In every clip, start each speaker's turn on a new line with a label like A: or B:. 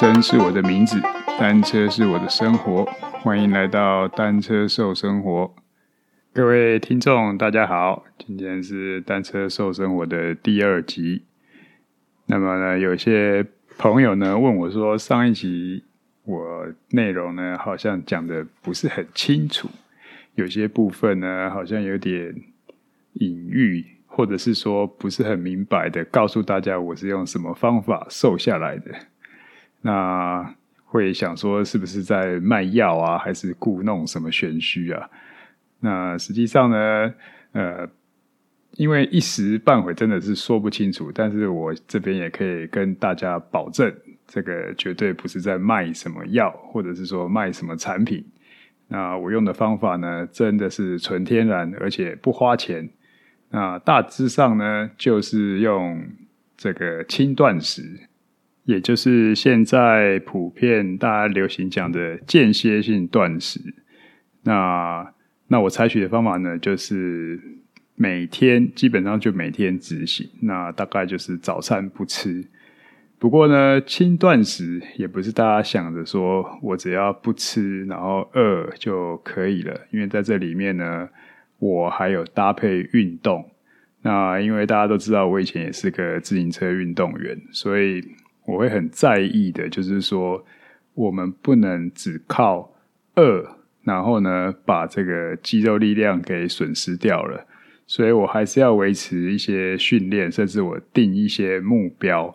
A: 生是我的名字，單車是我的生活。歡迎來到《單車瘦生活》，各位聽眾大家好，今天是《單車瘦生活》的第二集。那麼呢，有些朋友呢問我說，上一集我內容呢好像講的不是很清楚，有些部分呢好像有點隱喻，或者是說不是很明白的告訴大家我是用什麼方法瘦下來的。那會想說是不是在賣藥啊，還是故弄什麼玄虛啊？那實際上呢，呃，因為一時半會真的是說不清楚，但是我這邊也可以跟大家保證，這個絕對不是在賣什麼藥，或者是說賣什麼產品。那我用的方法呢，真的是純天然，而且不花錢。那大致上呢，就是用這個輕斷食。也就是現在普遍大家流行講的間歇性斷食，那那我採取的方法呢，就是每天基本上就每天執行，那大概就是早餐不吃。不過呢，輕斷食也不是大家想着說我只要不吃，然後餓就可以了，因為在這裡面呢，我還有搭配運動。那因為大家都知道我以前也是個自行車運動員，所以。我會很在意的，就是說，我們不能只靠餓，然後呢，把這個肌肉力量給損失掉了。所以我還是要維持一些訓練，甚至我定一些目標。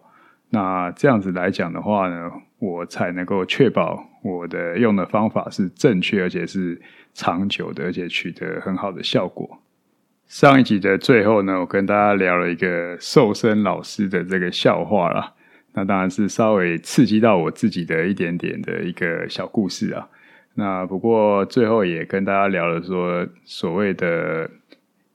A: 那這樣子來講的話呢，我才能夠確保我的用的方法是正確，而且是長久的，而且取得很好的效果。上一集的最後呢，我跟大家聊了一個瘦身老師的這個笑話啦。那當然是稍微刺激到我自己的一點點的一個小故事啊。那不過最後也跟大家聊了說，所謂的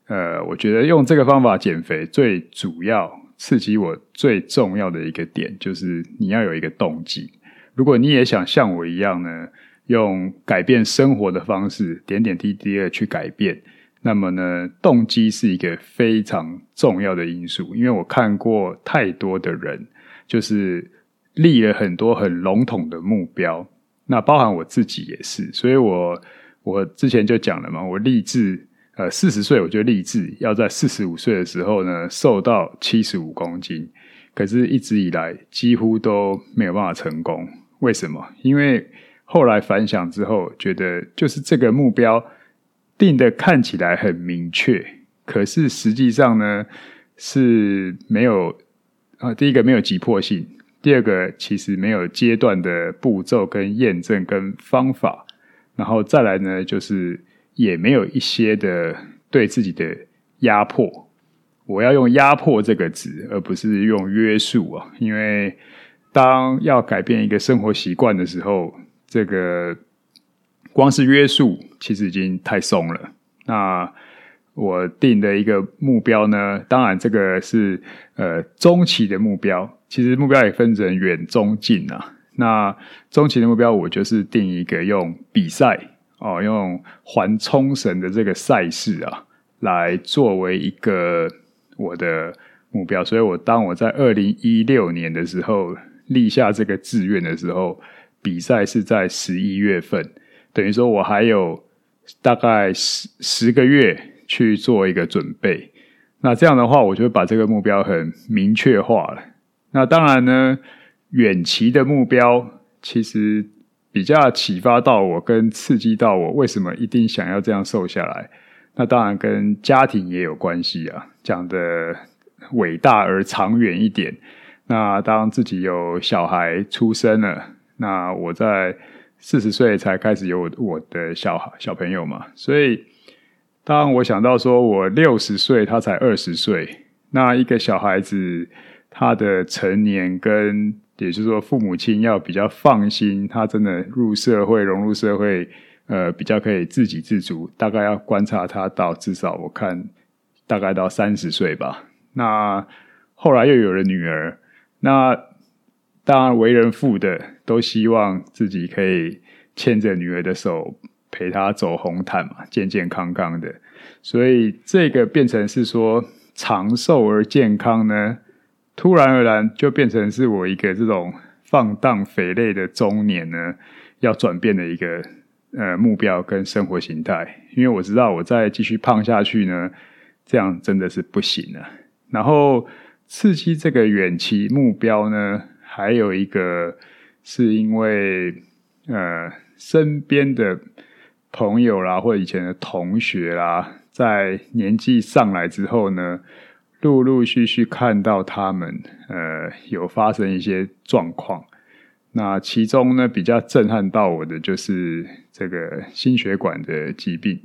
A: 呃，我覺得用這個方法減肥最主要刺激我最重要的一個點，就是你要有一個動機。如果你也想像我一樣呢，用改變生活的方式，點點滴滴的去改變，那麼呢，動機是一個非常重要的因素。因為我看過太多的人。就是立了很多很籠統的目標，那包含我自己也是，所以我我之前就講了嘛，我立志，呃，四十歲我就立志要在四十五歲的時候呢瘦到七十五公斤，可是一直以來幾乎都沒有辦法成功。為什麼？因為後來反省之後，覺得就是這個目標定得看起來很明確，可是實際上呢是沒有。啊，第一個沒有急迫性，第二個其實沒有階段的步驟跟驗證跟方法，然後再來呢，就是也沒有一些的對自己的壓迫。我要用“壓迫”這個詞，而不是用“約束”啊，因為當要改變一個生活習慣的時候，這個光是約束其實已經太鬆了。那。我定的一個目標呢，當然這個是呃中期的目標。其實目標也分成遠、中、近啊。那中期的目標，我就是定一個用比賽哦，用環沖繩的這個賽事啊，來作為一個我的目標。所以我當我在二零一六年的時候立下這個志願的時候，比賽是在十一月份，等於說我還有大概十十個月。去做一個準備，那這樣的話，我就會把這個目標很明確化了。那當然呢，遠期的目標其實比較啟發到我，跟刺激到我，為什麼一定想要這樣瘦下來？那當然跟家庭也有關係啊，講得偉大而長遠一點。那當自己有小孩出生了，那我在四十歲才開始有我的小小朋友嘛，所以。當我想到說，我六十歲，他才二十歲，那一個小孩子，他的成年跟，也就是說，父母親要比較放心，他真的入社會、融入社會，呃，比較可以自給自足，大概要觀察他到至少我看，大概到三十歲吧。那後來又有了女兒，那當然為人父的都希望自己可以牽着女兒的手。陪他走紅毯嘛，健健康康的，所以這個變成是說長壽而健康呢，突然而然就變成是我一個這種放蕩肥累的中年呢，要轉變的一個呃目標跟生活形態，因為我知道我再繼續胖下去呢，這樣真的是不行了啊。然後刺激這個遠期目標呢，還有一個是因為呃身邊的。朋友啦，或以前的同學啦，在年紀上來之後呢，陸陸續續看到他們呃有發生一些狀況。那其中呢，比較震撼到我的就是這個心血管的疾病。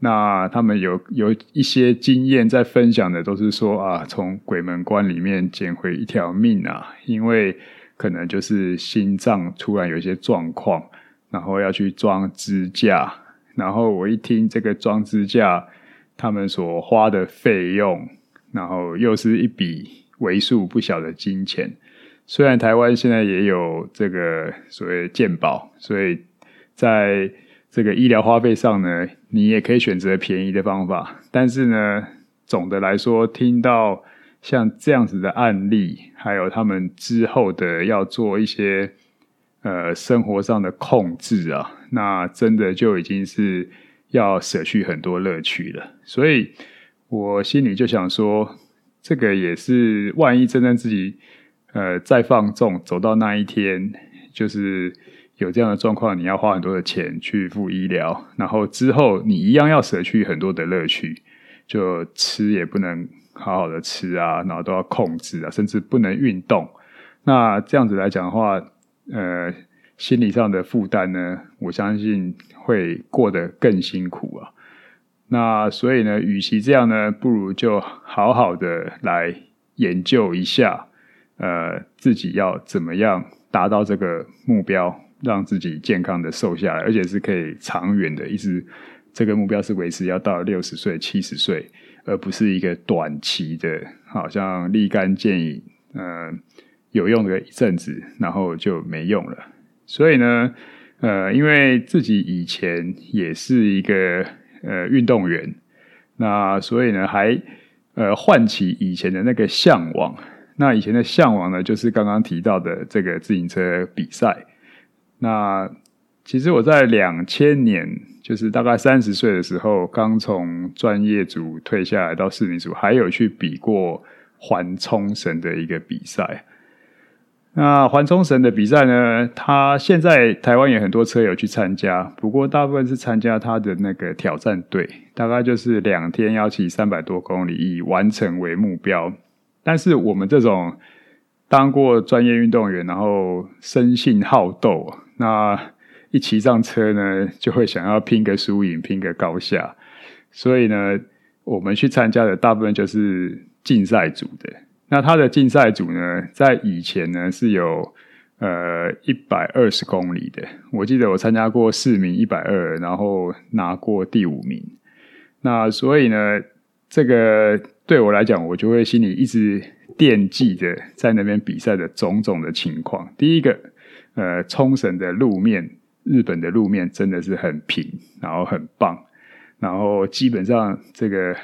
A: 那他們有有一些經驗在分享的，都是說啊，從鬼門關裡面撿回一條命啊，因為可能就是心臟突然有一些狀況。然後要去裝支架，然後我一聽這個裝支架，他們所花的費用，然後又是一筆為數不小的金錢。雖然台灣現在也有這個所謂健保，所以在這個醫療花費上呢，你也可以選擇便宜的方法。但是呢，總的來說，聽到像這樣子的案例，還有他們之後的要做一些。呃，生活上的控制啊，那真的就已經是要捨去很多樂趣了。所以我心裡就想說，這個也是萬一真正自己呃再放縱，走到那一天，就是有這樣的狀況，你要花很多的錢去付醫療，然後之後你一樣要捨去很多的樂趣，就吃也不能好好的吃啊，然後都要控制啊，甚至不能運動。那這樣子來講的話。呃，心理上的負擔呢，我相信會過得更辛苦啊。那所以呢，與其這樣呢，不如就好好的來研究一下，呃，自己要怎麼樣達到這個目標，讓自己健康的瘦下來，而且是可以長遠的，意思這個目標是維持要到六十歲、七十歲，而不是一個短期的，好像立竿見影，嗯、呃。有用個一陣子，然後就沒用了。所以呢，呃，因為自己以前也是一個呃運動員，那所以呢，還呃喚起以前的那個向往。那以前的向往呢，就是剛剛提到的這個自行車比賽。那其實我在兩千年，就是大概三十歲的時候，剛從專業組退下來到市民組，還有去比過環沖繩的一個比賽。那環沖繩的比賽呢，他現在台灣有很多車友去參加，不過大部分是參加他的那個挑戰隊，大概就是兩天，要騎三百多公里，以完成為目標。但是我們這種當過專業運動員，然後生性好鬥，那一騎上車呢，就會想要拼個輸贏，拼個高下。所以呢，我們去參加的大部分就是競賽組的。那他的競賽組呢，在以前呢是有呃一百二十公里的，我記得我參加過市民一百二，然後拿過第五名。那所以呢，這個對我來講，我就會心裡一直惦記着在那邊比賽的種種的情況。第一個，呃，沖繩的路面，日本的路面真的是很平，然後很棒，然後基本上這個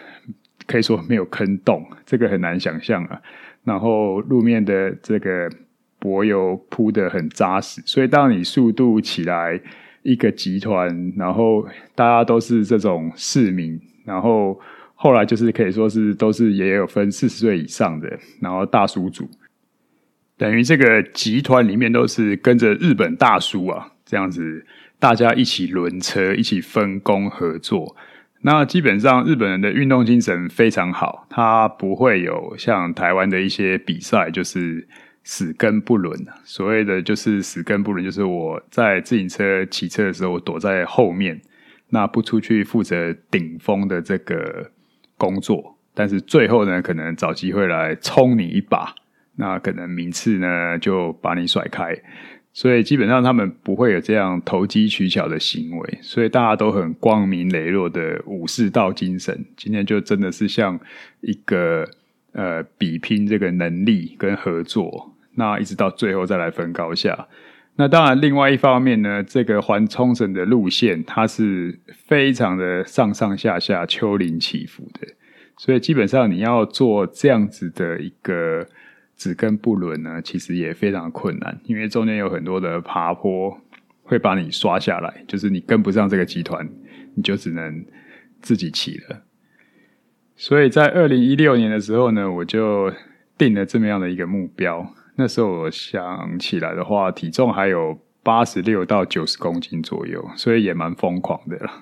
A: 可以說沒有坑洞，這個很難想象啊。然後路面的這個柏油鋪得很扎實，所以當你速度起來一個集團，然後大家都是這種市民，然後後來就是可以說是都是也有分四十歲以上的，然後大叔組，等於這個集團裡面都是跟着日本大叔啊，這樣子大家一起輪車，一起分工合作。那基本上日本人的運動精神非常好，他不會有像台灣的一些比賽，就是死跟不輪。所謂的就是死跟不輪，就是我在自行車騎車的時候我躲在後面，那不出去負責頂風的這個工作，但是最後呢，可能找機會來衝你一把，那可能名次呢就把你甩開。所以基本上他們不會有這樣投機取巧的行為，所以大家都很光明磊落的武士道精神。今天就真的是像一個呃比拼這個能力跟合作，那一直到最後再來分高下。那當然另外一方面呢，這個環沖繩的路線它是非常的上上下下、丘陵起伏的，所以基本上你要做這樣子的一個。只跟不輪呢，其實也非常困難，因為中間有很多的爬坡會把你刷下來，就是你跟不上這個集團，你就只能自己騎了。所以在二零一六年的時候呢，我就定了這麼樣的一個目標。那時候我想起來的話，體重還有八十六到九十公斤左右，所以也蠻瘋狂的了。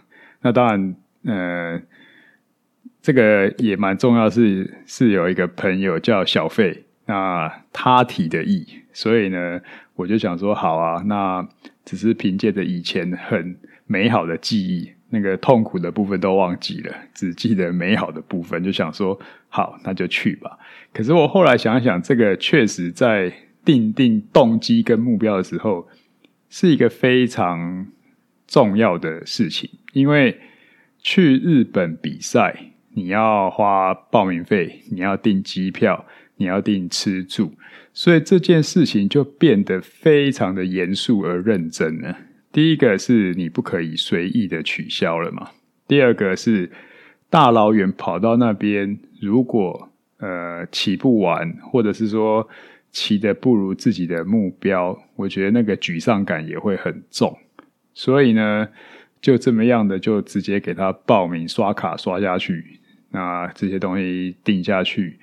A: 那當然，嗯、呃，這個也蠻重要的是，是是有一個朋友叫小費。那他提的意，所以呢，我就想說，好啊，那只是憑借着以前很美好的記憶，那個痛苦的部分都忘記了，只記得美好的部分，就想說，好，那就去吧。可是我後來想一想，這個確實在訂定動機跟目標的時候，是一個非常重要的事情，因為去日本比賽，你要花報名費，你要訂機票。你要訂吃住，所以這件事情就變得非常的嚴肅而認真了。第一個是你不可以隨意的取消了嘛。第二個是大老遠跑到那邊，如果呃騎不完，或者是說騎得不如自己的目標，我覺得那個沮喪感也會很重。所以呢，就這麼樣的就直接給他報名刷卡刷下去，那這些東西定下去。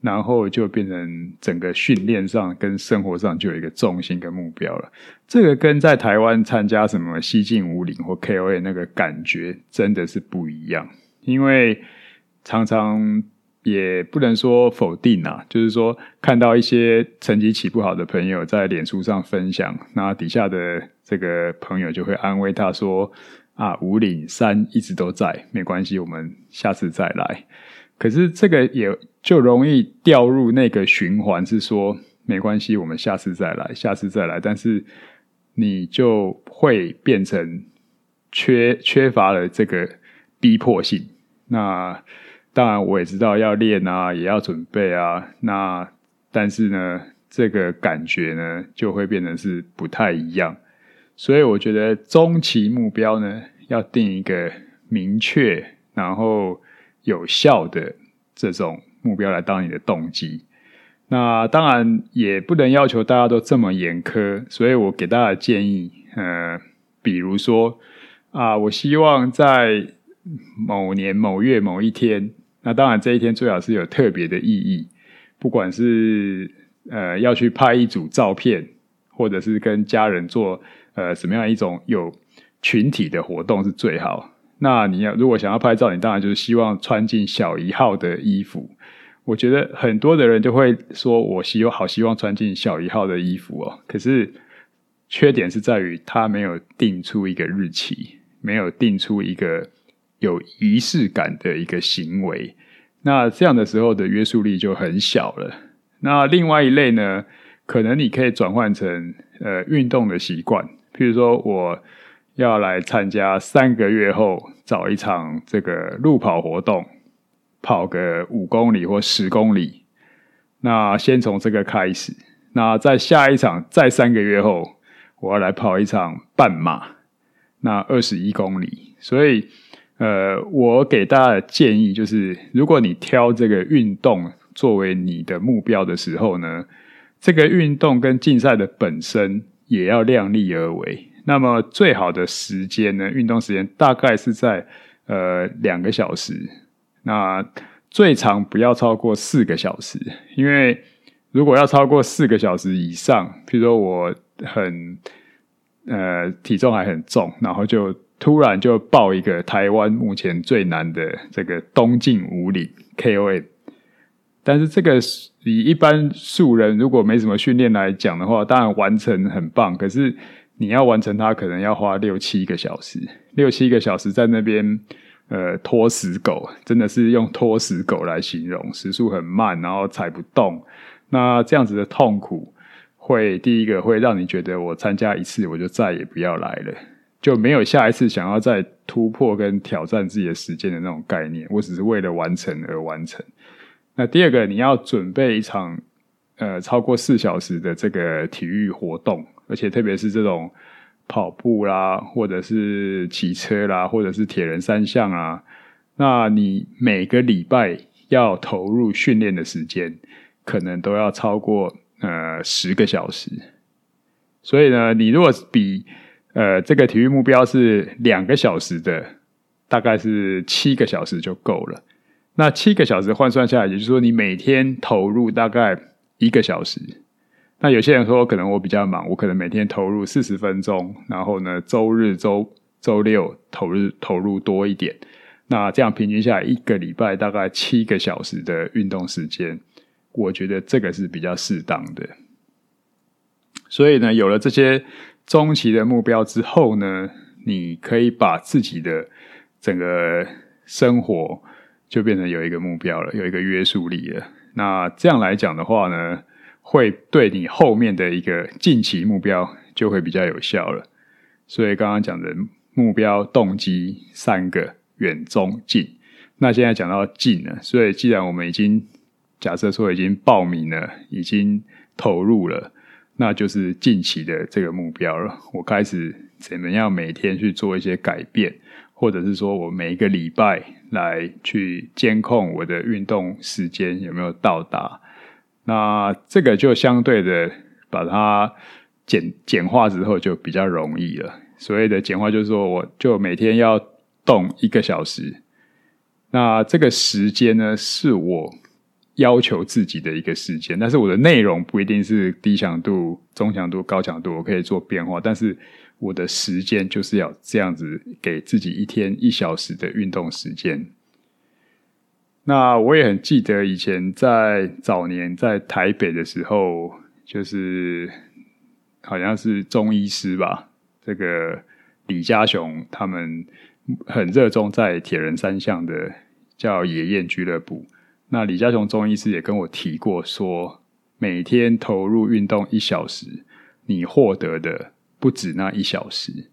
A: 然後就變成整個訓練上跟生活上就有一個重心跟目標了。這個跟在台灣參加什麼西進武嶺或 K O A 那個感覺真的是不一樣。因為常常也不能說否定啦、啊、就是說看到一些成績起不好的朋友在臉書上分享，那底下的這個朋友就會安慰他說：“啊，武嶺山一直都在，沒關係，我們下次再來。”可是這個也就容易掉入那個循環，是說沒關係，我們下次再來，下次再來。但是你就會變成缺缺乏了這個逼迫性。那當然我也知道要練啊，也要準備啊。那但是呢，這個感覺呢就會變成是不太一樣。所以我覺得中期目標呢要定一個明確，然後。有效的這種目標來當你的動機，那當然也不能要求大家都這麼嚴苛，所以我給大家的建議，呃，比如說啊、呃，我希望在某年某月某一天，那當然這一天最好是有特別的意義，不管是呃要去拍一組照片，或者是跟家人做呃什麼樣一種有群體的活動是最好。那你要如果想要拍照，你當然就是希望穿進小一號的衣服。我覺得很多的人就會說，我希好希望穿進小一號的衣服哦。可是缺點是在於，他沒有定出一個日期，沒有定出一個有儀式感的一個行為。那這樣的時候的約束力就很小了。那另外一類呢，可能你可以轉換成，呃，運動的習慣，譬如說我。要來參加三個月後找一場這個路跑活動，跑個五公里或十公里。那先從這個開始。那在下一場再三個月後，我要來跑一場半馬，那二十一公里。所以，呃，我給大家的建議就是，如果你挑這個運動作為你的目標的時候呢，這個運動跟競賽的本身也要量力而為。那麼最好的時間呢？運動時間大概是在呃兩個小時，那最長不要超過四個小時。因為如果要超過四個小時以上，譬如說我很呃體重還很重，然後就突然就報一個台灣目前最難的這個東進武嶺 KOM。但是這個以一般素人如果沒什麼訓練來講的話，當然完成很棒，可是。你要完成它，可能要花六七個小時，六七個小時在那邊，呃，拖死狗，真的是用拖死狗來形容，時速很慢，然後踩不動。那這樣子的痛苦會，會第一個會讓你覺得，我參加一次，我就再也不要來了，就沒有下一次想要再突破跟挑戰自己的時間的那種概念。我只是為了完成而完成。那第二個，你要準備一場，呃，超過四小時的這個體育活動。而且特別是這種跑步啦，或者是騎車啦，或者是鐵人三項啊,那你每個禮拜要投入訓練的時間，可能都要超過呃十個小時。所以呢，你如果比呃這個體育目標是兩個小時的，大概是七個小時就夠了。那七個小時換算下來，也就是說你每天投入大概一個小時。那有些人說，可能我比較忙，我可能每天投入四十分鐘，然後呢，周日週、週週六投入投入多一點，那這樣平均下來一個禮拜大概七個小時的運動時間，我覺得這個是比較適當的。所以呢，有了這些中期的目標之後呢，你可以把自己的整個生活就變成有一個目標了，有一個約束力了。那這樣來講的話呢，會對你後面的一個近期目標就會比較有效了。所以剛剛講的目標、動機三個遠、中、近。那現在講到近了，所以既然我們已經假設說已經報名了，已經投入了，那就是近期的這個目標了。我開始怎麼樣每天去做一些改變，或者是說我每一個禮拜來去監控我的運動時間有沒有到達。那這個就相對的把它簡簡化之後就比較容易了。所謂的簡化就是說，我就每天要動一個小時。那這個時間呢，是我要求自己的一個時間。但是我的內容不一定是低強度、中強度、高強度，我可以做變化。但是我的時間就是要這樣子給自己一天一小時的運動時間。那我也很記得以前在早年在台北的時候，就是好像是中醫師吧，這個李家雄他們很熱衷在鐵人三項的叫野雁俱樂部。那李家雄中醫師也跟我提過說，每天投入運動一小時，你獲得的不止那一小時。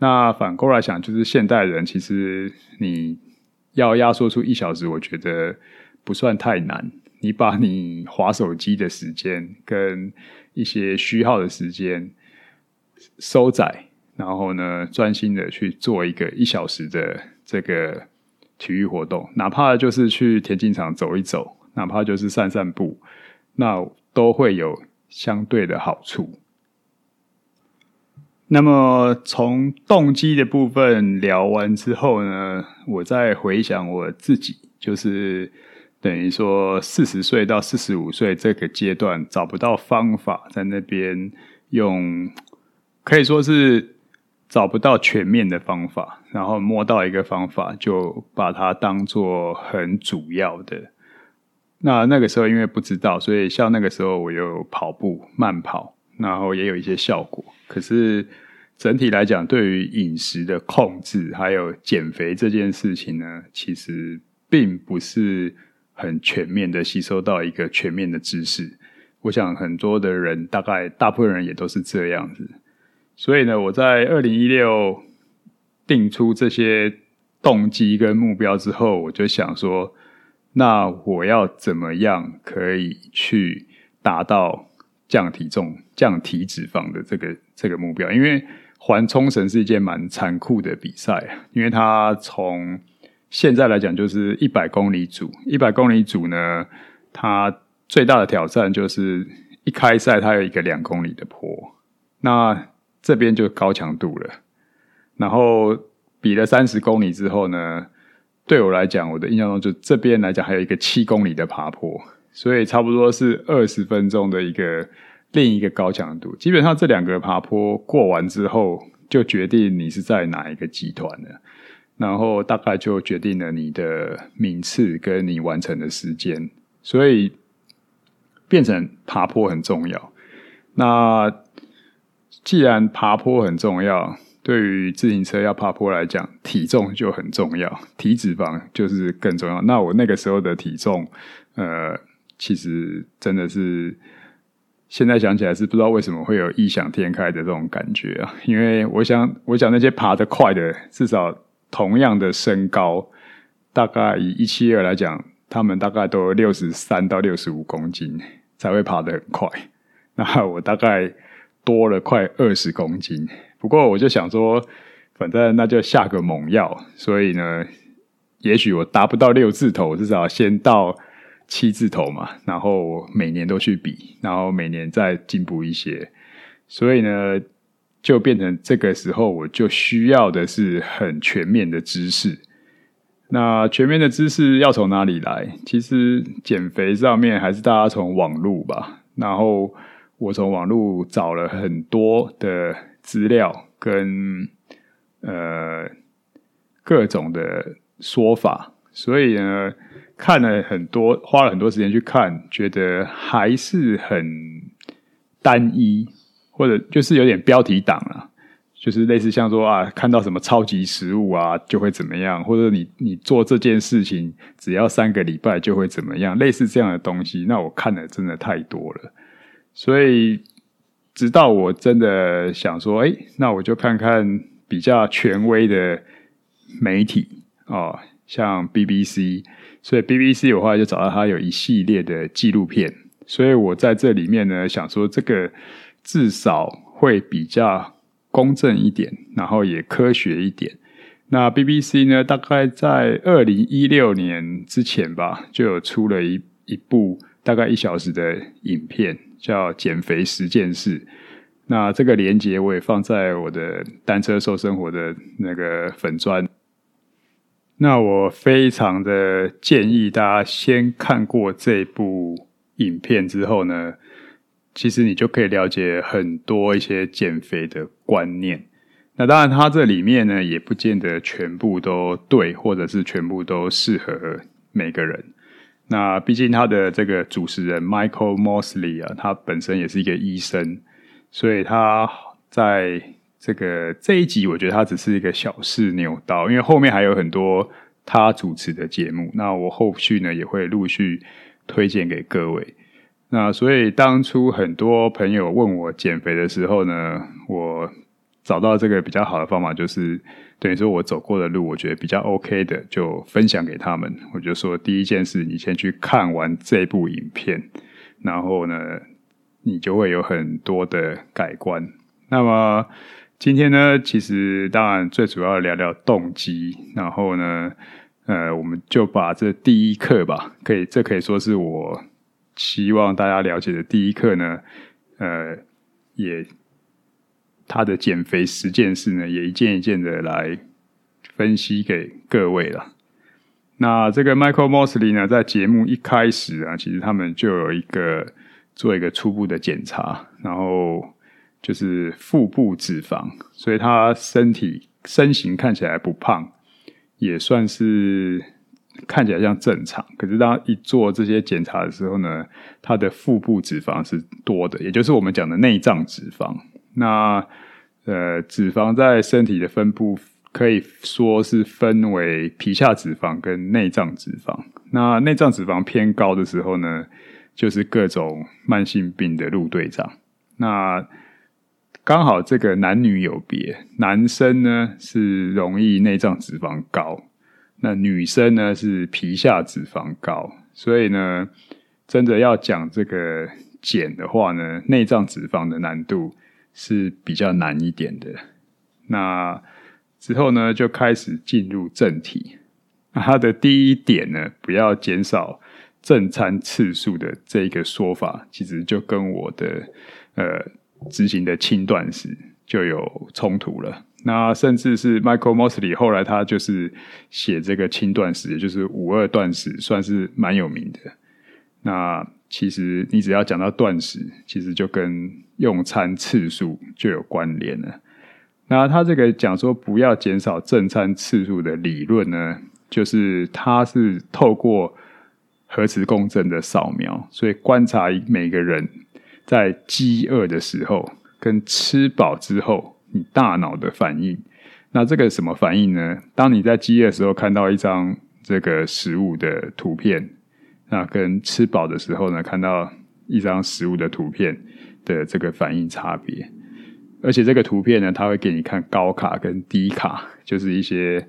A: 那反過來想，就是現代人其實你。要壓縮出一小時，我覺得不算太難。你把你滑手機的時間跟一些虛耗的時間收窄，然後呢，專心的去做一個一小時的這個體育活動，哪怕就是去田徑場走一走，哪怕就是散散步，那都會有相對的好處。那麼從動機的部分聊完之後呢，我再回想我自己，就是等於說四十歲到四十五歲這個階段找不到方法，在那邊用可以說是找不到全面的方法，然後摸到一個方法，就把它當做很主要的。那那個時候因為不知道，所以像那個時候，我有跑步慢跑，然後也有一些效果。可是，整體來講，對於飲食的控制還有減肥這件事情呢，其實並不是很全面的吸收到一個全面的知識。我想很多的人，大概大部分人也都是這樣子。所以呢，我在二零一六定出這些動機跟目標之後，我就想說，那我要怎麼樣可以去達到？降體重、降體脂肪的這個這個目標，因為環沖繩是一件蠻殘酷的比賽。因為它從現在來講，就是一百公里組。一百公里組呢，它最大的挑戰就是一開賽它有一個兩公里的坡，那這邊就高強度了。然後比了三十公里之後呢，對我來講，我的印象中就這邊來講還有一個七公里的爬坡。所以差不多是二十分鐘的一個另一個高強度。基本上這兩個爬坡過完之後，就決定你是在哪一個集團了，然後大概就決定了你的名次跟你完成的時間。所以變成爬坡很重要。那既然爬坡很重要，對於自行車要爬坡來講，體重就很重要，體脂肪就是更重要。那我那個時候的體重，呃，其實真的是，現在想起來是不知道為什麼會有異想天開的這種感覺啊！因為我想，我想那些爬得快的，至少同樣的身高，大概以一七二來講，他們大概都六十三到六十五公斤才會爬得很快。那我大概多了快二十公斤，不過我就想說，反正那就下個猛藥，所以呢，也許我達不到六字頭，至少先到。七字頭嘛，然後每年都去比，然後每年再進步一些，所以呢，就變成這個時候我就需要的是很全面的知識。那全面的知識要從哪裡來？其實減肥上面還是大家從網路吧，然後我從網路找了很多的資料跟呃各種的說法，所以呢。看了很多，花了很多時間去看，覺得還是很單一，或者就是有點標題黨了，啊，就是類似像說啊，看到什麼超級食物啊，就會怎麼樣，或者你你做這件事情只要三個禮拜就會怎麼樣，類似這樣的東西，那我看的真的太多了，所以直到我真的想說，誒，欸，那我就看看比較權威的媒體哦。啊像 BBC，所以 BBC 我後來就找到它有一系列的紀錄片，所以我在這裡面呢想說這個至少會比較公正一點，然後也科學一點。那 BBC 呢，大概在二零一六年之前吧，就有出了一一部大概一小時的影片，叫《減肥十件事》。那這個連結，我也放在我的單車瘦生活的那個粉專。那我非常的建議大家先看過這部影片之後呢，其實你就可以了解很多一些減肥的觀念。那當然，它這裡面呢也不見得全部都對，或者是全部都適合每個人。那畢竟他的這個主持人 Michael Mosley 啊,他本身也是一個醫生，所以他在。這個這一集，我覺得它，只是一個小試牛刀，因為後面還有很多他主持的節目。那我後續呢，也會陸續推薦給各位。那所以當初很多朋友問我減肥的時候呢，我找到這個比較好的方法，就是等於說我走過的路，我覺得比較 OK 的，就分享給他們。我就說，第一件事，你先去看完這部影片，然後呢，你就會有很多的改觀。那麼今天呢，其實當然最主要要聊聊動機，然後呢，呃，我們就把這第一課吧，可以這可以說是我希望大家了解的第一課呢，呃，也他的減肥十件事呢，也一件一件的來分析給各位了。那這個 Michael Mosley 呢，在節目一開始啊，其實他們就有一個做一個初步的檢查，然後。就是腹部脂肪，所以他身體身形看起來不胖，也算是看起來像正常。可是當他一做這些檢查的時候呢，他的腹部脂肪是多的，也就是我們講的內臟脂肪。那呃，脂肪在身體的分布可以說是分為皮下脂肪跟內臟脂肪。那內臟脂肪偏高的時候呢，就是各種慢性病的路隊長。那剛好這個男女有別，男生呢是容易內臟脂肪高，那女生呢是皮下脂肪高，所以呢，真的要講這個減的話呢，內臟脂肪的難度是比較難一點的。那之後呢，就開始進入正題。那它的第一點呢，不要減少正餐次數的這個說法，其實就跟我的，呃，執行的輕斷食就有衝突了。那甚至是 Michael Mosley 後來他就是寫這個輕斷食，也就是五二斷食，算是蠻有名的。那其實你只要講到斷食，其實就跟用餐次數就有關聯了。那他這個講說不要減少正餐次數的理論呢，就是他是透過核磁共振的掃描，所以觀察每個人，在飢餓的時候跟吃飽之後，你大腦的反應，那這個什麼反應呢？當你在飢餓的時候看到一張這個食物的圖片，那跟吃飽的時候呢，看到一張食物的圖片的這個反應差別，而且這個圖片呢，它會給你看高卡跟低卡，就是一些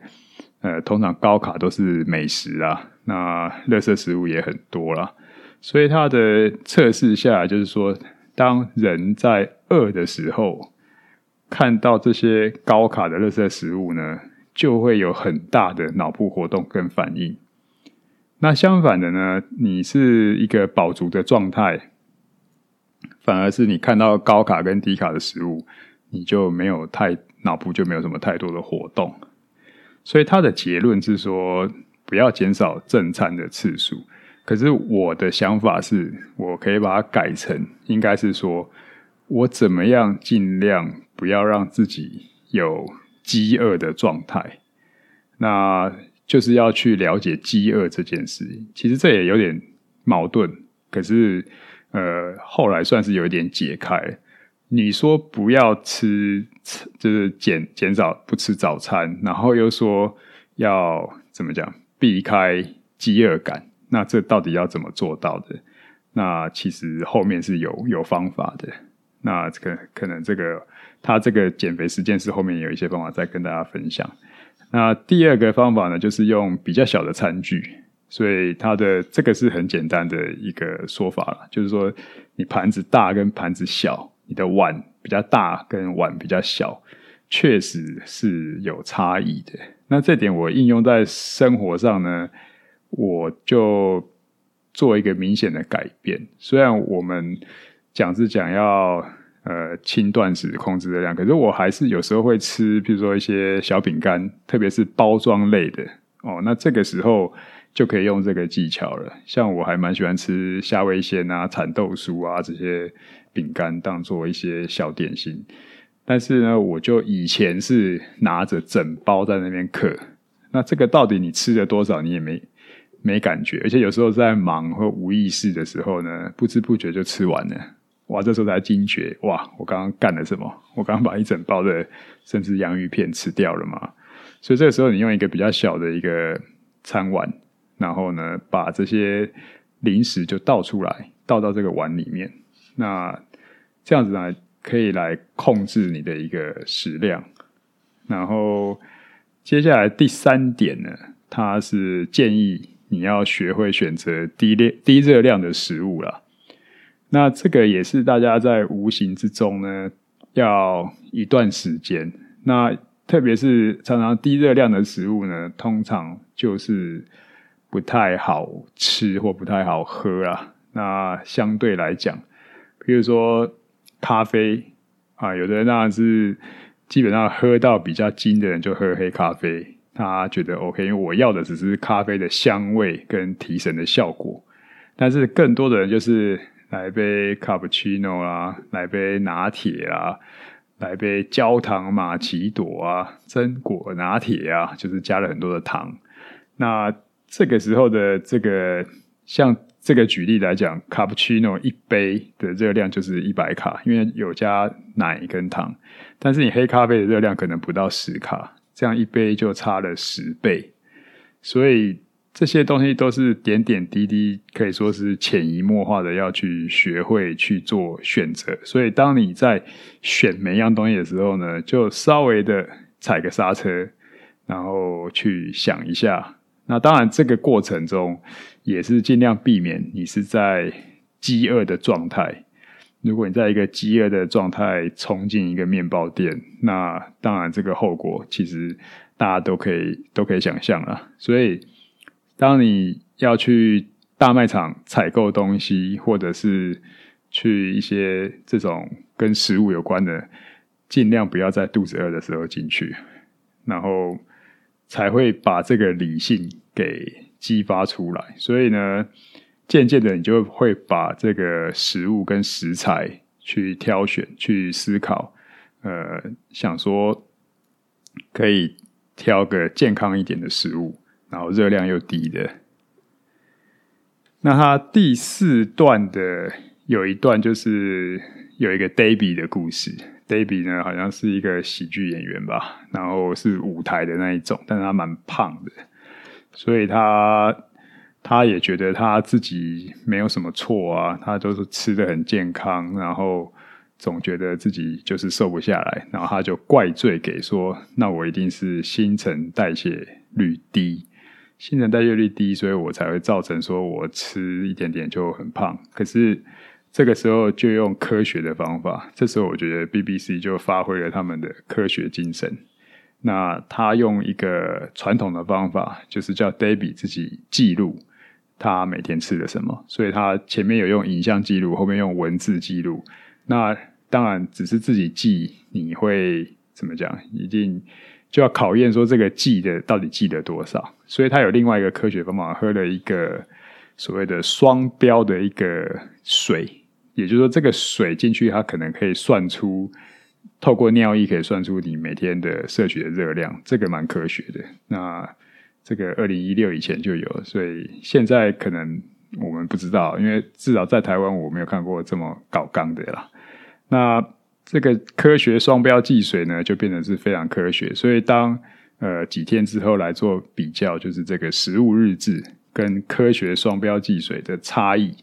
A: 呃，通常高卡都是美食啊，那垃圾食物也很多了。所以他的測試下來就是說，當人在餓的時候，看到這些高卡的垃圾食物呢，就會有很大的腦部活動跟反應。那相反的呢，你是一個飽足的狀態，反而是你看到高卡跟低卡的食物，你就沒有太，腦部就沒有什麼太多的活動。所以他的結論是說，不要減少正餐的次數。可是我的想法是，我可以把它改成，應該是說，我怎麼樣盡量不要讓自己有飢餓的狀態。那就是要去了解飢餓這件事。其實這也有點矛盾，可是呃，後來算是有一點解開。你說不要吃，就是減，減少，不吃早餐，然後又說要，怎麼講，避開飢餓感。那這到底要怎麼做到的？那其實後面是有有方法的。那這個可能這個他這個減肥十件事是後面有一些方法再跟大家分享。那第二個方法呢，就是用比較小的餐具。所以它的這個是很簡單的一個說法了，就是說你盤子大跟盤子小，你的碗比較大跟碗比較小，確實是有差異的。那這點我應用在生活上呢。我就做一個明顯的改變，雖然我們講是講要呃輕斷食控制熱量，可是我還是有時候會吃，比如說一些小餅乾，特別是包裝類的哦。那這個時候就可以用這個技巧了。像我還蠻喜歡吃蝦味先啊、蠶豆酥啊這些餅乾，當做一些小點心。但是呢，我就以前是拿着整包在那邊嗑，那這個到底你吃了多少，你也沒。沒感覺，而且有時候在忙或無意識的時候呢，不知不覺就吃完了。哇，這時候才驚覺，哇，我剛剛幹了什麼？我剛剛把一整包的甚至洋芋片吃掉了嘛？所以這個時候，你用一個比較小的一個餐碗，然後呢，把這些零食就倒出來，倒到這個碗裡面。那這樣子呢，可以來控制你的一個食量。然後接下來第三點呢，它是建議。你要學會選擇低熱低熱量的食物啦。那這個也是大家在無形之中呢，要一段時間。那特別是常常低熱量的食物呢，通常就是不太好吃或不太好喝啦。那相對來講，比如說咖啡啊，有的人那是基本上喝到比較精的人就喝黑咖啡。他、啊、覺得 OK，因為我要的只是咖啡的香味跟提神的效果。但是更多的人就是來杯 cappuccino、啊、來杯拿鐵啊，來杯焦糖瑪奇朵啊，榛果拿鐵啊,就是加了很多的糖。那這個時候的這個，像這個舉例來講，cappuccino 一杯的熱量就是一百卡，因為有加奶跟糖。但是你黑咖啡的熱量可能不到十卡。這樣一杯就差了十倍，所以這些東西都是點點滴滴，可以說是潛移默化的要去學會去做選擇。所以當你在選每一樣東西的時候呢，就稍微的踩個剎車，然後去想一下。那當然這個過程中也是盡量避免你是在飢餓的狀態。如果你在一個飢餓的狀態衝進一個麵包店，那當然這個後果其實大家都可以都可以想象啦。所以，當你要去大賣場採購東西，或者是去一些這種跟食物有關的，盡量不要在肚子餓的時候進去，然後才會把這個理性給激發出來。所以呢。漸漸的，你就會把這個食物跟食材去挑選、去思考，呃，想說可以挑個健康一點的食物，然後熱量又低的。那他第四段的有一段就是有一個 Davy 的故事，嗯，Davy 呢好像是一個喜劇演員吧，然後是舞台的那一種，但是他蠻胖的，所以他。他也覺得他自己沒有什麼錯啊，他就是吃的很健康，然後總覺得自己就是瘦不下來，然後他就怪罪給說，那我一定是新陳代謝率低，新陳代謝率低，所以我才會造成說我吃一點點就很胖。可是這個時候就用科學的方法，這時候我覺得 BBC 就發揮了他們的科學精神，那他用一個傳統的方法，就是叫 Debbie 自己記錄。他每天吃的什麼？所以他前面有用影像記錄，後面用文字記錄。那當然只是自己記，你會怎麼講？一定就要考驗說，這個記得到底記得多少。所以他有另外一個科學方法，喝了一個所謂的雙標的一個水，也就是說，這個水進去，它可能可以算出，透過尿液可以算出你每天的攝取的熱量，這個蠻科學的。那。這個二零一六以前就有，所以現在可能我們不知道，因為至少在台灣我沒有看過這麼搞鋼的啦。那這個科學雙標記水呢，就變成是非常科學。所以當呃幾天之後來做比較，就是這個食物日誌跟科學雙標記水的差異，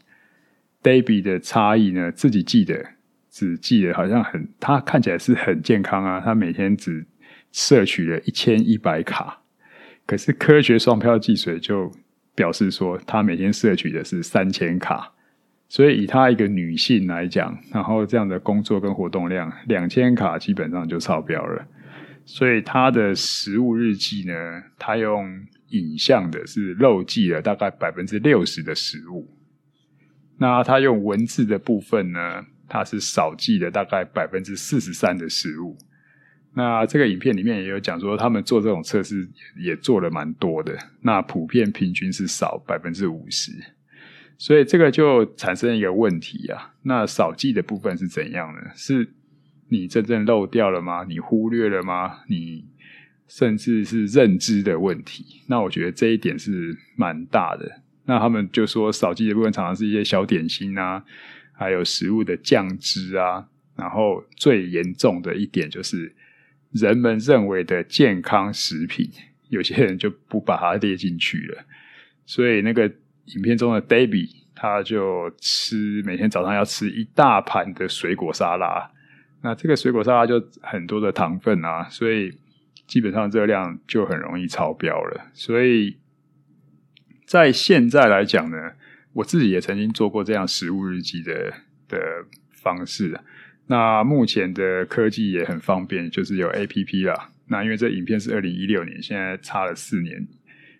A: 對比，嗯、的差異呢，自己記的只記得好像很，它看起來是很健康啊，他每天只攝取了一千一百卡。可是科學雙標記水就表示說，她每天攝取的是三千卡，所以以她一個女性來講，然後這樣的工作跟活動量兩千卡基本上就超標了。所以她的食物日記呢，她用影像的是漏記了大概百分之六十的食物，那她用文字的部分呢，她是少記了大概百分之四十三的食物。那這個影片裡面也有講說，他們做這種測試也做了蠻多的，那普遍平均是少百分之五十，所以這個就產生一個問題啊。那少記的部分是怎樣呢？是你真正漏掉了嗎？你忽略了嗎？你甚至是認知的問題？那我覺得這一點是蠻大的。那他們就說少記的部分常常是一些小點心啊，還有食物的醬汁啊，然後最嚴重的一點就是。人們認為的健康食品，有些人就不把它列進去了。所以那個影片中的 Debbie，他就吃每天早上要吃一大盤的水果沙拉。那這個水果沙拉就很多的糖分啊，所以基本上熱量就很容易超標了。所以在現在來講呢，我自己也曾經做過這樣食物日記的的方式。那目前的科技也很方便，就是有 APP 啦。那因為這影片是二零一六年，現在差了四年。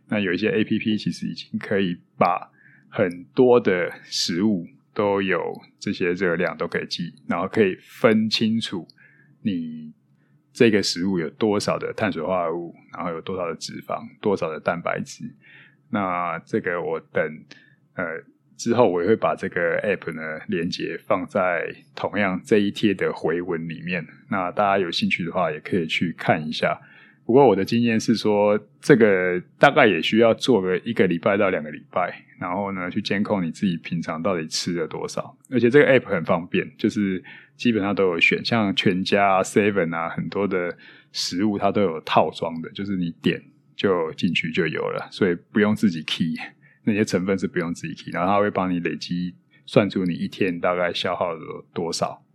A: 那有一些 APP 其實已經可以把很多的食物都有這些熱量都可以記，然後可以分清楚你這個食物有多少的碳水化合物，然後有多少的脂肪、多少的蛋白質。那這個我等，呃。之後我也會把這個 app 呢連結放在同樣這一貼的回文裡面，那大家有興趣的話也可以去看一下。不過我的經驗是說，這個大概也需要做個一個禮拜到兩個禮拜，然後呢去監控你自己平常到底吃了多少。而且這個 app 很方便，就是基本上都有選，像全家啊、seven 啊，很多的食物它都有套裝的，就是你點就進去就有了，所以不用自己 key。那些成分是不用自己提，然後它會幫你累積算出你一天大概消耗了多少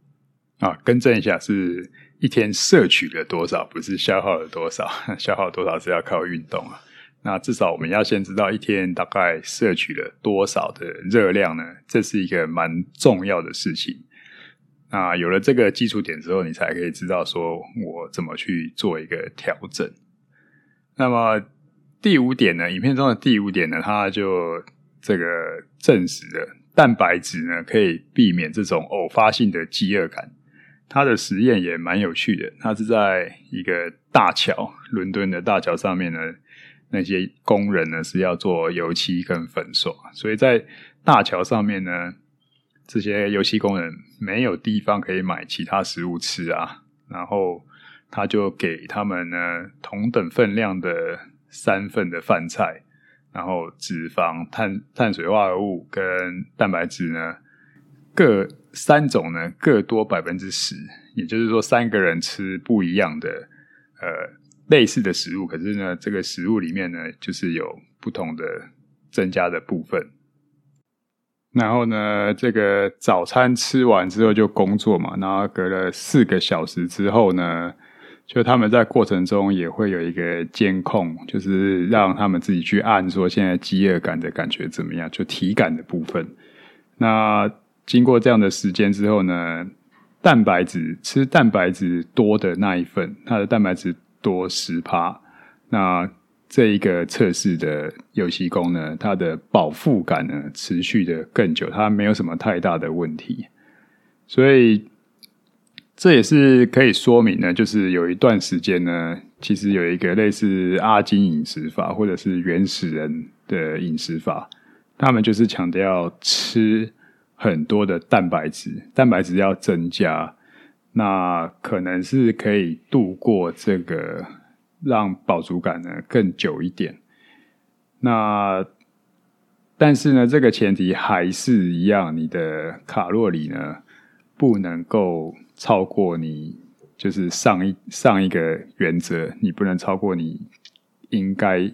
A: 啊，更正一下，是一天攝取了多少，不是消耗了多少，消耗了多少是要靠運動啊。那至少我們要先知道一天大概攝取了多少的熱量呢？這是一個蠻重要的事情。那有了這個基礎點之後，你才可以知道說我怎麼去做一個調整。那麼。第五點呢，影片中的第五點呢，它就這個證實了蛋白質呢可以避免這種偶發性的飢餓感。它的實驗也蠻有趣的，它是在一個大橋，倫敦的大橋上面呢，那些工人呢是要做油漆跟粉刷，所以在大橋上面呢，這些油漆工人沒有地方可以買其他食物吃啊，然後他就給他們呢同等分量的，三份的飯菜，然後脂肪、碳碳水化合物跟蛋白質呢，各三種呢，各多百分之十。也就是說，三個人吃不一樣的呃類似的食物，可是呢，這個食物裡面呢，就是有不同的增加的部分。然後呢，這個早餐吃完之後就工作嘛，然後隔了四個小時之後呢。就他們在過程中也會有一個監控，就是讓他們自己去按說現在飢餓感的感覺怎麼樣，就體感的部分。那經過這樣的時間之後呢，蛋白質吃蛋白質多的那一份，它的蛋白質多十趴。那這一個測試的遊戲工呢，它的飽腹感呢，持續的更久，它沒有什麼太大的問題，所以。這也是可以說明呢，就是有一段時間呢，其實有一個類似阿金飲食法或者是原始人的飲食法，他們就是強調吃很多的蛋白質，蛋白質要增加，那可能是可以度過這個讓飽足感呢更久一點。那但是呢，這個前提還是一樣，你的卡路里呢，不能夠超過你，就是上一上一個原則，你不能超過你應該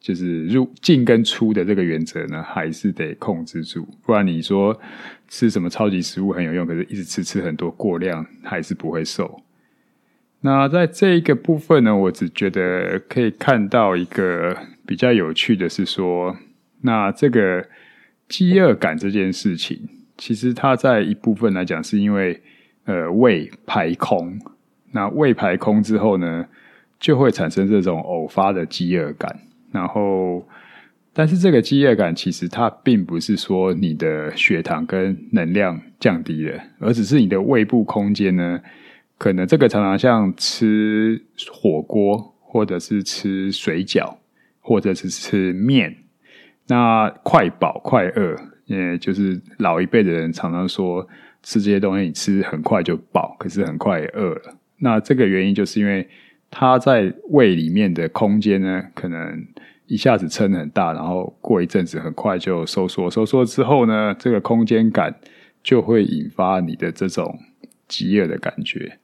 A: 就是入進跟出的這個原則呢，還是得控制住，不然你說吃什麼超級食物很有用，可是一直吃吃很多過量，還是不會瘦。那在這一個部分呢，我只覺得可以看到一個比較有趣的是說，那這個飢餓感這件事情。其實它，在一部分來講，是因為呃胃排空。那胃排空之後呢，就會產生這種偶發的飢餓感。然後，但是這個飢餓感其實它並不是說你的血糖跟能量降低了，而只是你的胃部空間呢，可能這個常常像吃火鍋，或者是吃水餃，或者是吃麵。那快飽快餓。呃，因為就是老一輩的人常常說，吃這些東西你吃很快就飽，可是很快也餓了。那這個原因就是因為它在胃裡面的空間呢，可能一下子撐很大，然後過一陣子很快就收縮，收縮之後呢，這個空間感就會引發你的這種飢餓的感覺。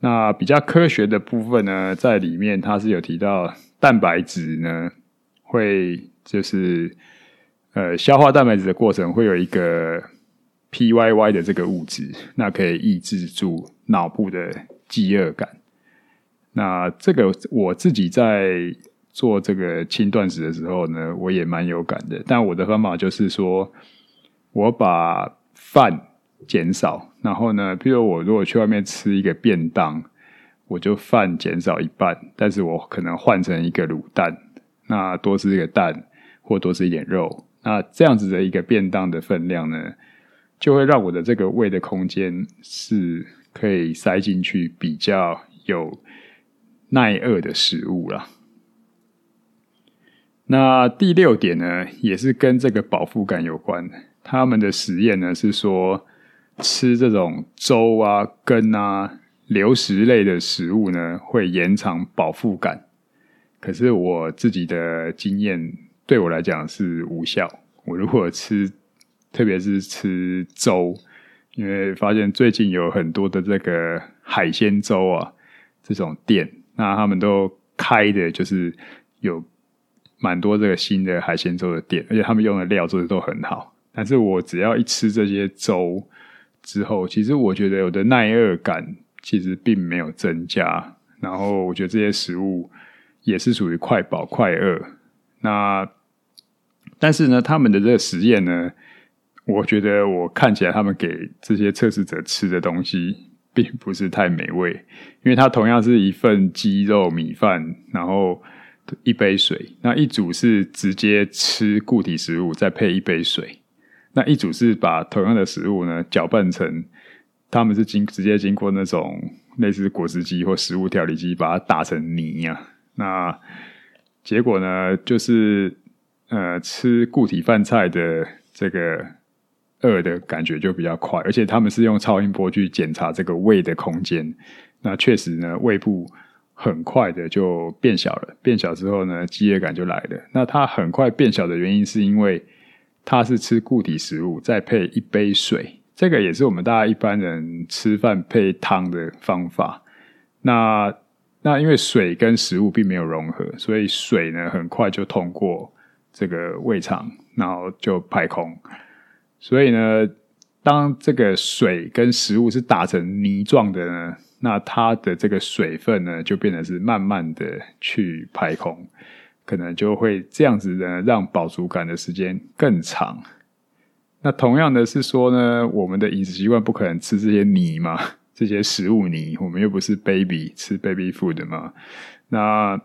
A: 那比較科學的部分呢，在裡面它是有提到蛋白質呢，會就是。呃，消化蛋白質的過程會有一個 PYY 的這個物質，那可以抑制住腦部的飢餓感。那這個我自己在做這個輕斷食的時候呢，我也蠻有感的。但我的方法就是說，我把飯減少，然後呢，譬如我如果去外面吃一個便當，我就飯減少一半，但是我可能換成一個滷蛋。那多吃一個蛋，或多吃一點肉。那這樣子的一個便當的分量呢，就會讓我的這個胃的空間是可以塞進去比較有耐餓的食物啦。那第六點呢，也是跟這個飽腹感有關。他們的實驗呢是說，吃這種粥啊、羹啊、流食類的食物呢，會延長飽腹感。可是我自己的經驗。對我來講是無效。我如果吃，特別是吃粥，因為發現最近有很多的這個海鮮粥啊，這種店，那他們都開的就是有蠻多這個新的海鮮粥的店，而且他們用的料做的都很好。但是我只要一吃這些粥之後，其實我覺得我的耐餓感其實並沒有增加。然後我覺得這些食物也是屬於快飽快餓。那但是呢，他們的這個實驗呢，我覺得我看起來他們給這些測試者吃的東西並不是太美味，因為它同樣是一份雞肉米飯，然後一杯水。那一組是直接吃固體食物，再配一杯水；那一組是把同樣的食物呢攪拌成，他們是經直接經過那種類似果汁機或食物調理機把它打成泥呀、啊。那結果呢，就是。呃，吃固體飯菜的這個餓的感覺就比較快，而且他們是用超音波去檢查這個胃的空間。那確實呢，胃部很快的就變小了。變小之後呢，飢餓感就來了。那它很快變小的原因是因為它是吃固體食物，再配一杯水。這個也是我們大家一般人吃飯配湯的方法。那那因為水跟食物並沒有融合，所以水呢很快就通過。這個胃腸，然後就排空。所以呢，當這個水跟食物是打成泥狀的呢，那它的這個水分呢，就變得是慢慢的去排空，可能就會這樣子呢，讓飽足感的時間更長。那同樣的是說呢，我們的飲食習慣不可能吃這些泥嘛，這些食物泥，我們又不是 baby，吃 baby food 的嘛，那。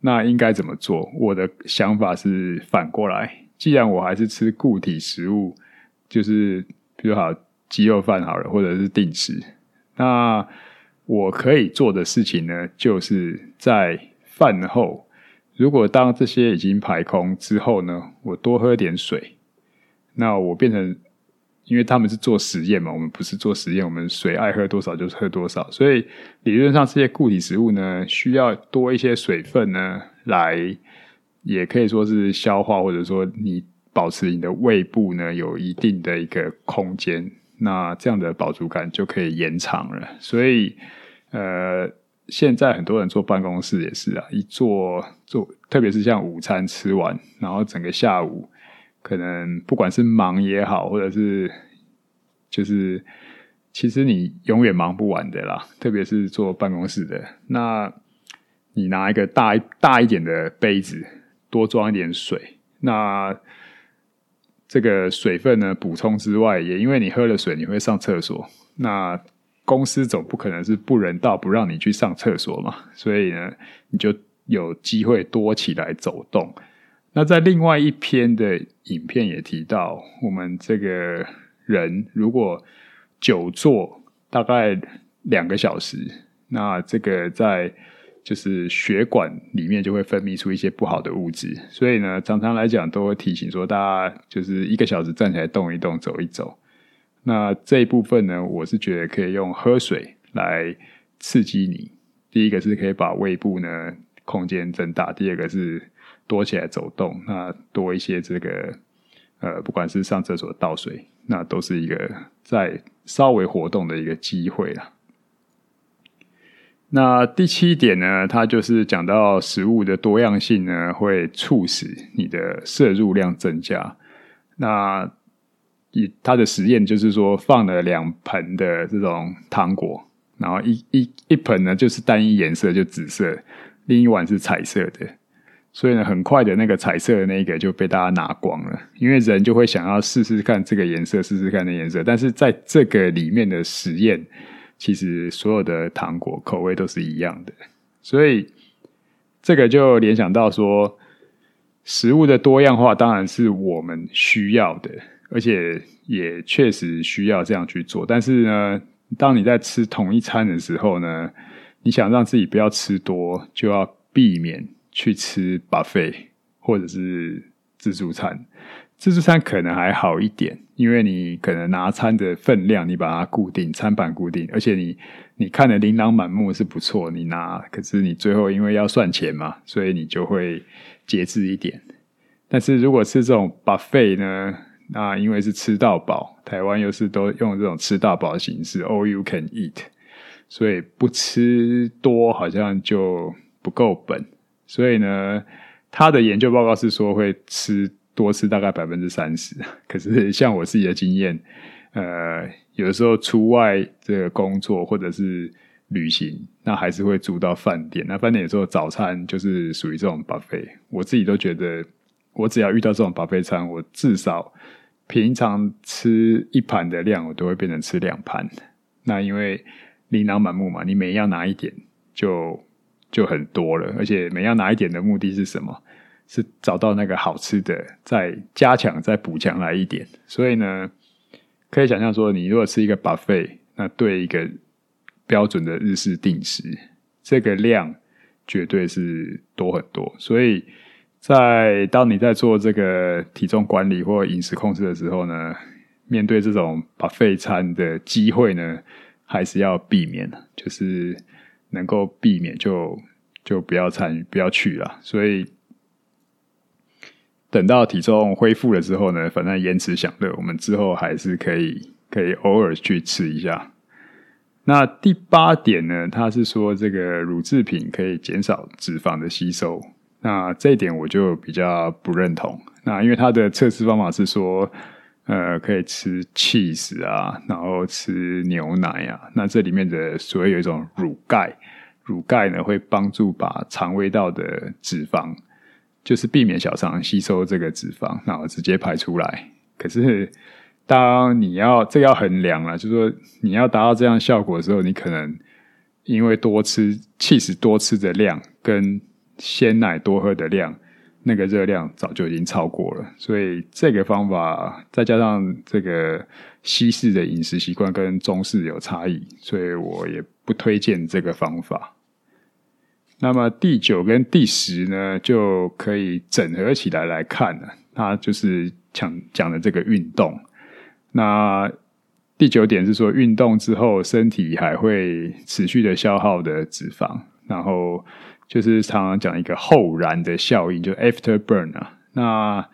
A: 那應該怎麼做？我的想法是反過來，既然我還是吃固體食物，就是比如說雞肉飯好了，或者是定食。那我可以做的事情呢，就是在飯後，如果當這些已經排空之後呢，我多喝一點水，那我變成。因為他們是做實驗嘛，我們不是做實驗，我們水愛喝多少就是喝多少，所以理論上這些固體食物呢，需要多一些水分呢，來也可以說是消化，或者說你保持你的胃部呢有一定的一個空間，那這樣的飽足感就可以延長了。所以呃，現在很多人坐辦公室也是啊，一坐坐，特別是像午餐吃完，然後整個下午。可能不管是忙也好，或者是就是，其實你永遠忙不完的啦。特別是坐辦公室的，那你拿一個大大一點的杯子，多裝一點水。那這個水分呢，補充之外，也因為你喝了水，你會上廁所。那公司總不可能是不人道不讓你去上廁所嘛，所以呢，你就有機會多起來走動。那在另外一篇的影片也提到，我們這個人如果久坐大概兩個小時，那這個在就是血管裡面就會分泌出一些不好的物質，所以呢，常常來講都會提醒說，大家就是一個小時站起來動一動，走一走。那這一部分呢，我是覺得可以用喝水來刺激你。第一個是可以把胃部呢空間增大，第二個是。多起來走動，那多一些這個呃，不管是上廁所倒水，那都是一個在稍微活動的一個機會啦。那第七點呢，它就是講到食物的多樣性呢，會促使你的攝入量增加。那一它的實驗就是說，放了兩盆的這種糖果，然後一一一盆呢就是單一顏色，就紫色；另一碗是彩色的。所以呢，很快的那個彩色的那個就被大家拿光了，因為人就會想要試試看這個顏色，試試看那顏色。但是在這個裡面的實驗，其實所有的糖果口味都是一樣的，所以這個就聯想到說，食物的多樣化當然是我們需要的，而且也確實需要這樣去做。但是呢，當你在吃同一餐的時候呢，你想讓自己不要吃多，就要避免。去吃 buffet 或者是自助餐，自助餐可能還好一點，因為你可能拿餐的分量，你把它固定，餐盤固定，而且你你看的琳琅滿目是不錯，你拿，可是你最後因為要算錢嘛，所以你就會節制一點。但是如果是這種 buffet 呢，那因為是吃到飽，台灣又是都用這種吃到飽的形式，all you can eat，所以不吃多好像就不夠本。所以呢，他的研究報告是說會吃多吃大概百分之三十。可是像我自己的經驗，呃，有的時候出外這個工作或者是旅行，那還是會住到飯店。那飯店有時候早餐就是屬於這種 buffet。我自己都覺得，我只要遇到這種 buffet 餐，我至少平常吃一盤的量，我都會變成吃兩盤。那因為琳琅滿目嘛，你每樣拿一點就。就很多了，而且每樣拿一點的目的是什麼？是找到那個好吃的，再加強、再補強來一點。所以呢，可以想象說，你如果吃一個 buffet，那對一個標準的日式定食，這個量絕對是多很多。所以在當你在做這個體重管理或飲食控制的時候呢，面對這種 buffet 餐的機會呢，還是要避免的，就是。能夠避免就就不要參與，不要去了。所以等到體重恢復了之後呢，反正延遲享樂，我們之後還是可以可以偶爾去吃一下。那第八點呢，他是說這個乳制品可以減少脂肪的吸收。那這一點我就比較不認同。那因為他的測試方法是說，呃，可以吃 cheese 啊，然後吃牛奶啊。那這裡面的所謂有一種乳鈣，乳鈣呢會幫助把腸胃道的脂肪，就是避免小腸吸收這個脂肪，然後直接排出來。可是，當你要這個、要衡量了，就是、說你要達到這樣效果的時候，你可能因為多吃 cheese 多吃的量，跟鮮奶多喝的量。那個熱量早就已經超過了，所以這個方法再加上這個西式的飲食習慣跟中式有差異，所以我也不推薦這個方法。那麼第九跟第十呢，就可以整合起來來看了。它就是講講的這個運動。那第九點是說，運動之後身體還會持續的消耗的脂肪，然後。就是常常講一個後燃的效應，就 after burn 啊。那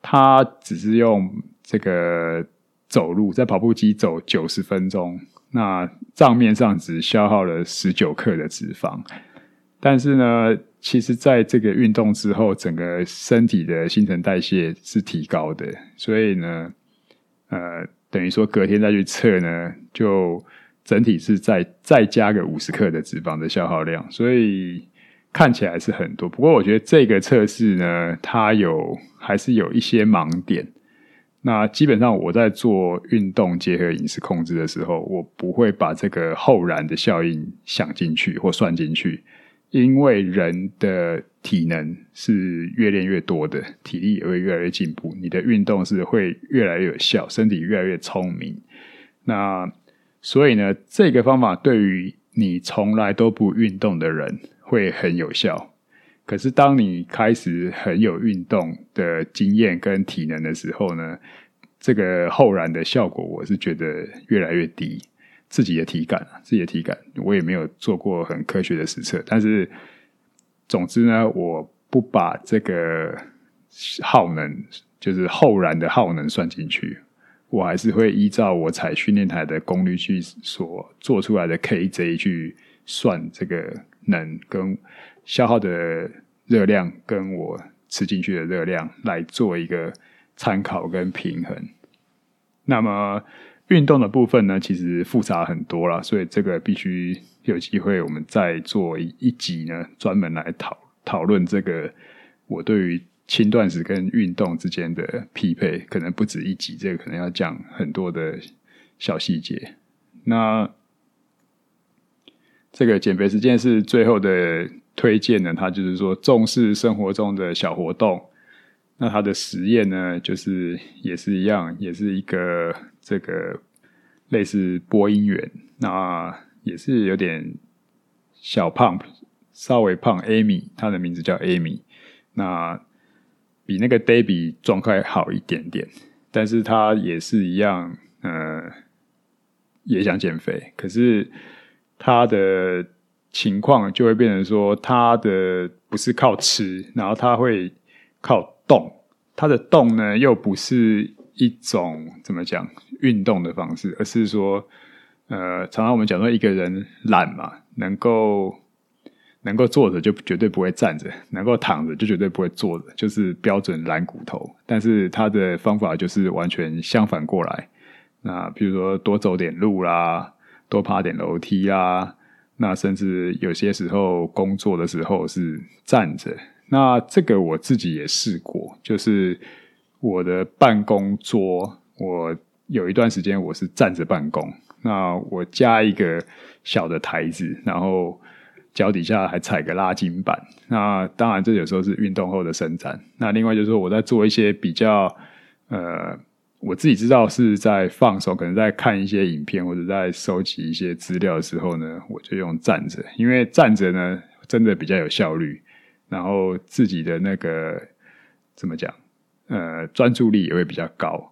A: 他只是用這個走路，在跑步機走九十分鐘，那賬面上只消耗了十九克的脂肪。但是呢，其實在這個運動之後，整個身體的新陳代謝是提高的，所以呢，呃，等於說隔天再去測呢，就。整體是再再加個五十克的脂肪的消耗量，所以看起來是很多。不過我覺得這個測試呢，它有還是有一些盲點。那基本上我在做運動結合飲食控制的時候，我不會把這個後燃的效應想進去或算進去，因為人的體能是越練越多的，體力也會越來越進步，你的運動是會越來越有效，身體越來越聰明。那所以呢，這個方法對於你從來都不運動的人會很有效。可是，當你開始很有運動的經驗跟體能的時候呢，這個後燃的效果，我是覺得越來越低。自己的體感，自己的體感，我也沒有做過很科學的實測。但是，總之呢，我不把這個耗能，就是後燃的耗能算進去。我還是會依照我踩訓練台的功率去所做出來的 KJ 去算這個能跟消耗的熱量，跟我吃進去的熱量來做一個參考跟平衡。那麼運動的部分呢，其實複雜很多啦，所以這個必須有機會我們再做一集呢，專門來討討論這個我對於。輕斷食跟運動之間的匹配可能不止一集，這個可能要講很多的小細節。那這個減肥十件事是最後的推薦呢，他就是說重視生活中的小活動。那他的實驗呢，就是也是一樣，也是一個這個類似播音員，那也是有點小胖，稍微胖。Amy，他的名字叫 Amy，那。比那個 Baby 狀態好一點點，但是他也是一樣，呃，也想減肥。可是他的情況就會變成說，他的不是靠吃，然後他會靠動。他的動呢，又不是一種怎麼講運動的方式，而是說，呃，常常我們講說一個人懶嘛，能夠。能夠坐着就絕對不會站着能夠躺着就絕對不會坐着就是標準懶骨頭。但是他的方法就是完全相反過來。那比如說多走點路啦，多爬點樓梯啊，那甚至有些時候工作的時候是站着那這個我自己也試過，就是我的辦公桌，我有一段時間我是站着辦公。那我加一個小的台子，然後。腳底下還踩個拉筋板，那當然這有時候是運動後的伸展。那另外就是說，我在做一些比較呃，我自己知道是在放手，可能在看一些影片或者在收集一些資料的時候呢，我就用站着，因為站着呢真的比較有效率，然後自己的那個怎麼講呃，專注力也會比較高。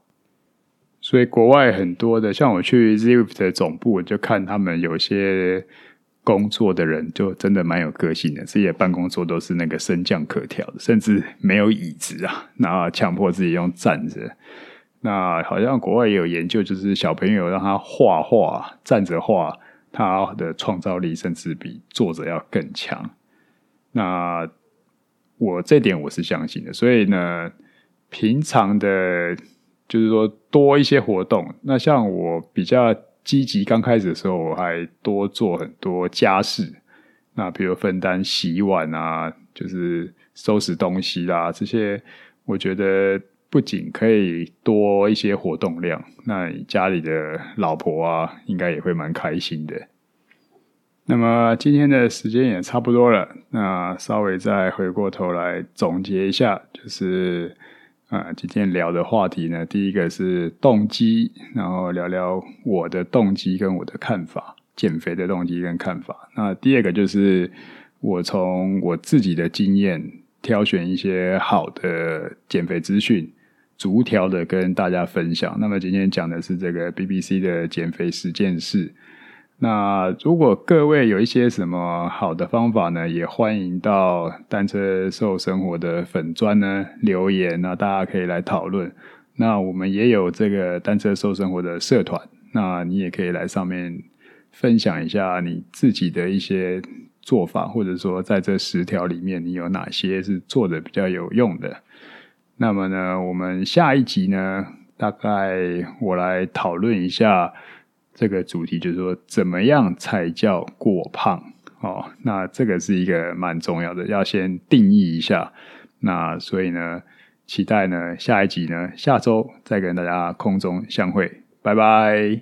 A: 所以國外很多的，像我去 Zwift 的總部，就看他們有些。工作的人就真的蠻有個性的，這些辦公桌都是那個升降可調的，甚至沒有椅子啊，然後強迫自己用站着。那好像國外也有研究，就是小朋友讓他畫畫站着畫，他的創造力甚至比坐着要更強。那我這點我是相信的，所以呢，平常的就是說多一些活動。那像我比較。積極剛開始的時候，我還多做很多家事，那比如分擔洗碗啊，就是收拾東西啦、啊、這些，我覺得不僅可以多一些活動量，那你家裡的老婆啊，應該也會蠻開心的。那麼今天的時間也差不多了，那稍微再回過頭來總結一下，就是。啊，今天聊的話題呢，第一個是動機，然後聊聊我的動機跟我的看法，減肥的動機跟看法。那第二個就是我從我自己的經驗挑選一些好的減肥資訊，逐條的跟大家分享。那麼今天講的是這個 BBC 的減肥十件事。那如果各位有一些什麼好的方法呢，也歡迎到單車瘦生活的粉專呢留言，那大家可以來討論。那我們也有這個單車瘦生活的社團，那你也可以來上面分享一下你自己的一些做法，或者說在這十條裡面你有哪些是做的比較有用的。那麼呢，我們下一集呢，大概我來討論一下。這個主題就是說，怎麼樣才叫過胖？哦，那這個是一個蠻重要的，要先定義一下。那所以呢，期待呢，下一集呢，下周再跟大家空中相會。拜拜。